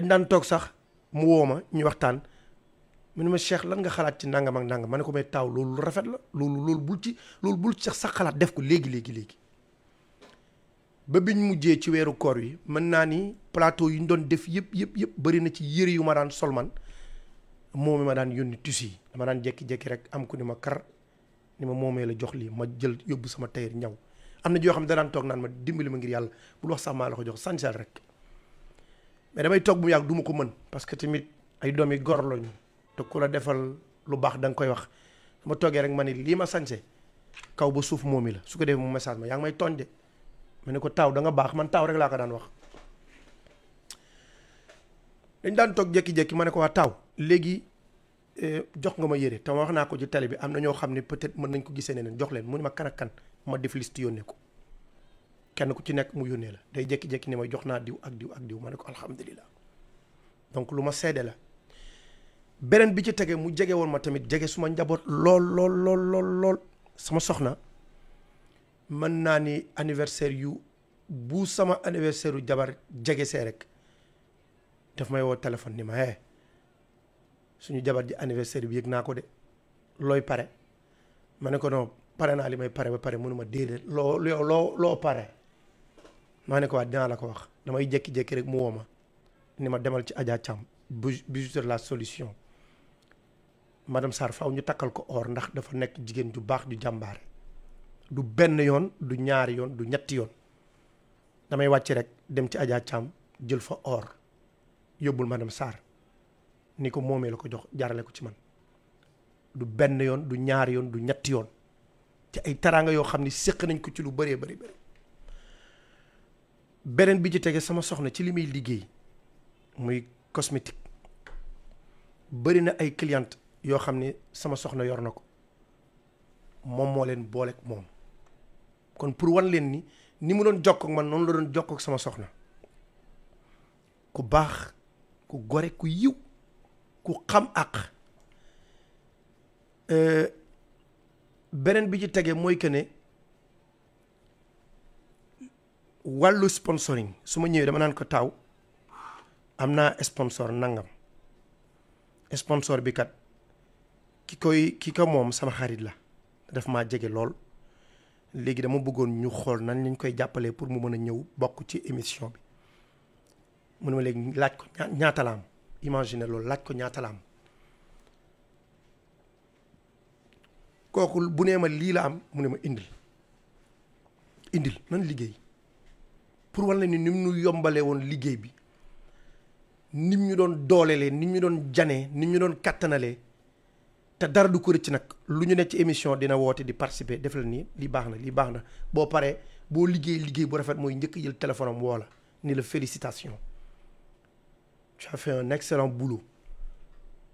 dañ daan toog sax mu woo ma ñu waxtaan mu ni ma Cheikh lan nga xalaat ci nangam ak nangam ma ne ko may taaw loolu lu rafet la loolu loolu bul ci loolu bul ci sax xalaat def ko léegi léegi léegi. ba biñ mujjee ci weeru koor wi mën naa ni palaato yi ñu doon def yëpp yëpp yëpp bëri na ci yére yu ma daan solman moom mi ma daan yónni tissu yi dama daan jekki-jekki rek am ku ni ma kar ni ma moomee la jox lii ma jël yóbbu sama tailleur ñaw am na joo xam da daan toog naan ma dimbali ma ngir yàlla bul wax ko jox sansal rek mais damay toog bu yàgg du ma ko mën parce que tamit ay doom gor lañu te ku la defal lu baax danga koy wax ma toogee rek ma ne lii ma sañse kaw ba suuf moomi la su ko defee mu message ma yaa ngi may tooñ de ma ne ko taaw da nga baax man taaw rek laa ko daan wax dañ daan toog jékki-jékki ma ne ko waa taaw léegi eh, jox nga ma yére te ma wax naa ko ci télé bi am na ñoo xam ne peut-être mën nañ ko gisee neneen jox leen mu ne ma kan ak kan ma def liste yónnee ko kenn ku ci nekk mu yónnee la day jékki-jékki ne ma jox naa diw ak diw ak diw ma ne ko alhamdulilah donc lu ma seede la beneen bi ci tege mu jege woon ma tamit jege suma njaboot lool lool lool lool lool sama soxna mën naa ni anniversaire yu bu sama anniversaire jabar jege see rek daf may woo téléphone ni eh, suñu jabar ji anniversaire bi yëg naa ko de looy pare ma ne ko non pare naa li may pare ba pare mënuma déedéet loo loo loo pare maa ne ko waa dinaa la ko wax damay jékki-jékki rek mu woo ma ni ma demal ci Adja Thiam bijouterie la solution madame Sarr faw ñu takkal ko or ndax dafa nekk jigéen ju baax ju jàmbaar du benn yoon du ñaari yoon du ñetti yoon damay wàcc rek dem ci Adja Thiam jël fa or yóbbul madame Sarr ni ko moomee la ko jox jaarale ko ci man du benn yoon du ñaari yoon du ñetti yoon ci ay taraanga yoo xam ni séq nañ ko ci lu baree bëri bëri beneen bi ci tege sama soxna ci li muy liggéey muy cosmétique bëri na ay cliente yoo xam ne sama soxna yor na ko moom moo leen boole ak moom kon pour wan leen ni ni mu doon jokk ak man noonu la doon jokk ak sama soxna ku baax ku gore ku yiw ku xam àq euh, beneen bi ci tegee mooy que ne wàllu sponsoring su ma ñëwee dama naan ko taaw am naa sponsor nangam sponsor bi kat ki koy ki ko moom sama xarit la daf maa jege lool léegi dama bëggoon ñu xool nan lañ koy jàppalee pour mu mën a ñëw bokk ci émission bi mu ne ma léegi laaj ko ñaata la am imagine loolu laaj ko ñaata la am kooku bu nee ma lii la am mu ne ma indil indil nan liggéey pour wan leen ni ni mu ñu yombalee woon liggéey bi nit ñu doon doolelee nit ñu doon janee ni ñu doon kattanalee te dara du ko rëcc nag lu ñu ne ci émission dina woote di participer def la nii lii baax na lii baax na boo paree boo liggéey liggéey bu rafet mooy njëkk jël téléphone am woo la ni la félicitation tu as fait un excellent boulot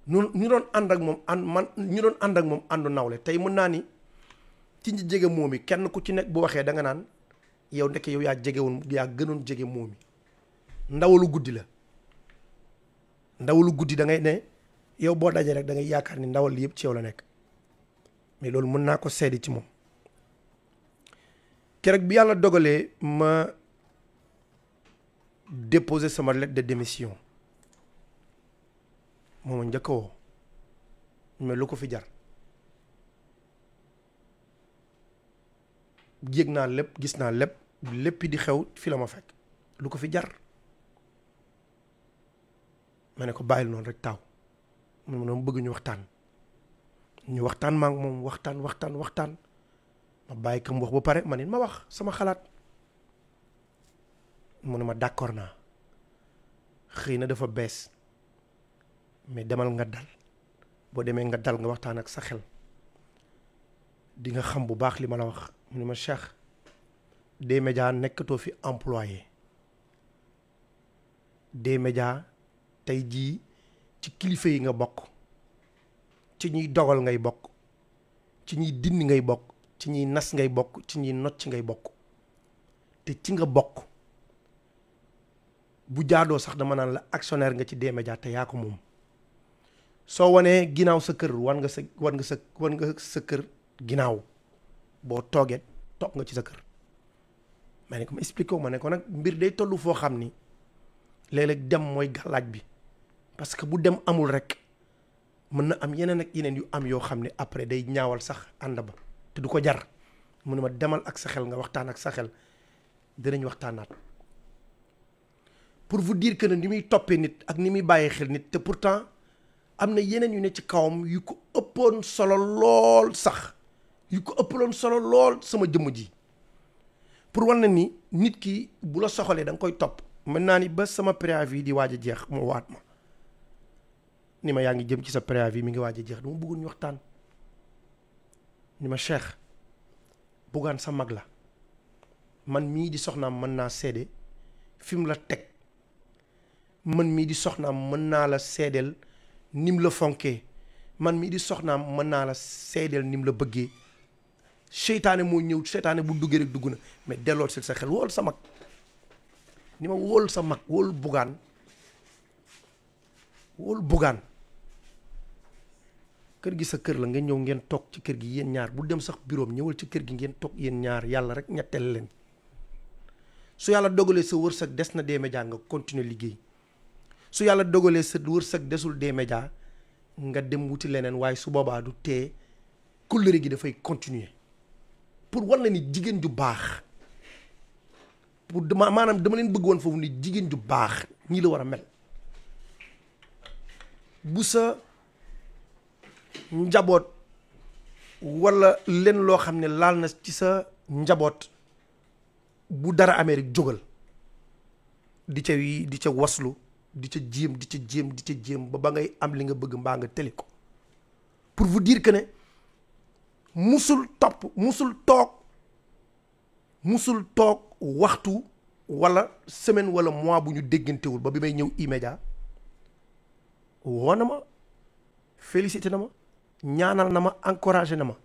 ñu doon ànd ak moom ànd man ñu doon ànd ak moom àndu nawle tey mën naa ni ci ñi moom yi kenn ku ci nekk bu waxee da nga naan yow ndekk yow yaa jegewoon yaa gënoon jege moomi ndawalu guddi la ndawalu guddi da ngay ne yow boo dajee rek da ngay yaakaar ni ndawal li yëpp ci yow la nekk mais loolu mën naa ko seedi ci moom keroog bi yàlla dogalee ma déposer sama lettre de démission mooma njëkk woo mais lu ko fi jar yëg naa lépp gis naa lépp lépp di xew fi la ma fekk lu ko fi jar ma ne ko bàyyil noonu rek taaw mu ne bëgg ñu waxtaan ñu waxtaan maa ngi moom waxtaan waxtaan waxtaan ma bàyyi kam wax ba pare ma ne ma wax sama xalaat mu ne ma d'accord naa xëy na dafa bees mais demal nga dal boo demee nga dal nga waxtaan ak sa xel di xam bu baax li ma la wax mu ne ma Cheikh D-Media nekkatoo fi employé D-Media tey jii ci kilifa yi nga bokk ci ñuy dogal ngay bokk ci ñuy dindi ngay bokk ci ñuy nas ngay bokk ci ñuy not ci ngay bokk te ci nga bokk bu jaadoo sax dama naan la actionnaire nga ci D-Media te yaa ko moom soo wanee ginnaaw sa kër wan nga sa wan nga sa wan nga sa kër ginnaaw boo toogee toog nga ci sa kër ma ne ko ma expliqué ma ne ko nag mbir day tollu foo xam ni léeg-léeg dem mooy gàllaaj bi parce que bu dem amul rek mën na am yeneen ak yeneen yu am yoo xam ne après day ñaawal sax ànd ba te du ko jar mu ne ma demal ak sa xel nga waxtaan ak sa xel dinañ waxtaanaat pour vous dire que ne ni muy toppee nit ak ni muy bàyyi xel nit te pourtant am na yeneen yu ne ci kawam yu ko ëppoon solo lool sax yu ko ëppaloon solo lool sama jëmm ji pour wan na ni nit ki bu la soxalee da koy topp mën naa ni ba sama préavis di waaj a jeex mu waat ma ni ma yaa ngi jëm ci sa préavis mi ngi waaj a jeex dama bëggoon ñu waxtaan ni ma Cheikh Bougane sa mag la man mii di soxnaam mën naa seede fi mu la teg man mii di soxnaam mën naa la seedeel nim la fonkee man mii di soxnaam mën naa la seedeel nim la bëggee seytaane moo ñëw seytaane bu duggee rek dugg na mais delloo si sa xel wool sa mag ni ma wool sa mag wool bugaan wool bugaan kër gi sa kër la nga ñëw ngeen toog ci kër gi yéen ñaar bu dem sax bureau ñëwal ci kër gi ngeen toog yéen ñaar yàlla rek ñetteel leen su yàlla dogalee sa wër sag des na des médias nga continuer liggéey su yàlla dogalee sa wërsëg desul des médias nga dem wuti leneen waaye su boobaa du tee kóllëre gi dafay continuer pour wan na ni jigéen ju baax pour dama maanaam dama leen bëgg woon foofu ni jigéen ju baax ñii la war a mel bu sa njaboot walla leen loo xam ne laal na ci sa njaboot bu dara amee jógal di ca di ca waslu di ca jéem di ca jéem di ca jéem ba ba ngay am li nga bëgg mbaa nga tële ko pour vous dire que ne musul topp musul toog musul toog waxtu wala semaine wala mois bu ñu déggantewul ba bi may ñëw immédiat woo na ma félicité na ma ñaanal na ma encouragé na ma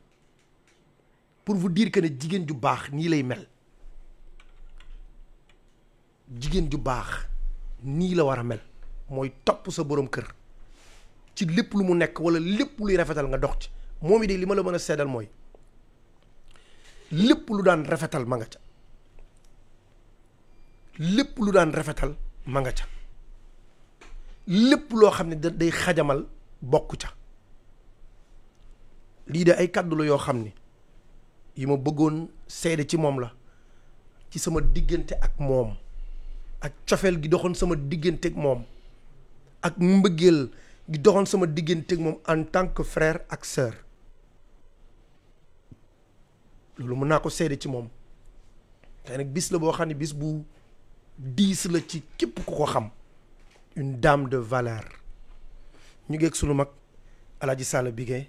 pour vous dire que ne jigéen ju baax nii lay mel jigéen ju baax nii la war a mel mooy topp sa boroom kër ci lépp lu mu nekk wala lépp luy rafetal nga dox ci moom yi de li ma la mën a seddal mooy lépp lu daan rafetal ma nga ca lépp lu daan rafetal ma nga ca lépp loo xam ne da day xajamal bokk ca lii de ay kàddu la yoo xam ne yi ma bëggoon seede ci moom la ci sama diggante ak moom ak cofeel gi doxoon sama diggante ak moom ak mbëggeel gi doxoon sama diggante ak moom en tant que frère ak sœur loolu mën naa ko seede ci moom te nag bis la boo xam ne bis bu diis la ci képp ku ko xam une dame de valeur ñu ngeeg sunu mag alaji Sall Bigué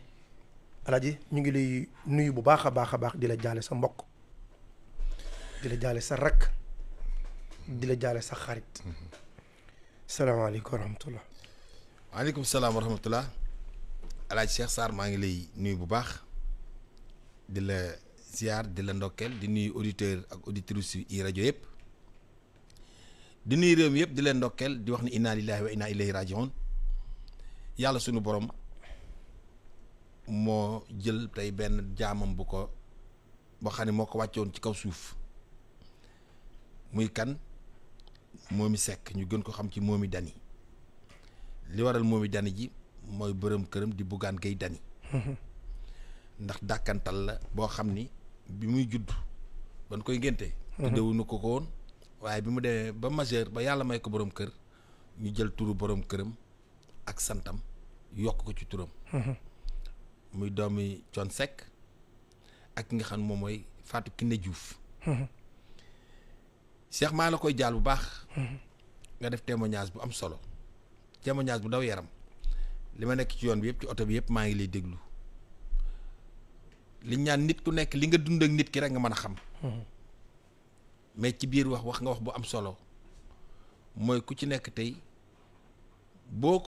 alaji ñu ngi lay nuyu bu baax a baax a baax di la jaale sa mbokk di la jaale sa rakk di la jaale sa xarit salaamaaleykum wa rahmatullah waaleykum salaam wa alaaj Cheikh Sarr maa ngi lay nuyu bu baax di la ziar di la ndokkeel di nuyu auditeur ak auditrice yi rajo yëpp di nuyu réew mi yëpp di leen ndokkeel di wax ni inna lillahi wa inna ilayhi rajiun yàlla sunu borom moo jël tey benn jaamam bu ko boo xam ne moo ko wàccoon ci kaw suuf muy kan moomi sekk ñu gën ko xam ci moomi dani li waral moomi dani ji mooy bërëm këram di buggaan gay dani ndax dàkkantal la boo xam ni bi muy judd ban koy ngénte mhm. tuddewuñu ko ko woon waaye bi mu demee ba majeur ba yàlla may ko boroom kër ñu jël turu boroom këram ak santam yokk ko ci turam mhm. muy doomi Thione Seck ak ki nga xam moom mooy Fatou Kiné juuf mhm. Cheikh maa la koy jaal bu baax nga def témoignage bu am solo témoignage bu daw yaram li ma nekk ci yoon bi yëpp ci oto bi yëpp maa ngi lay déglu liñ ñaan nit ku nekk li nga dund ak nit ki rek nga mën a xam mais ci biir wax wax nga wax bu am solo mooy ku ci nekk tey boo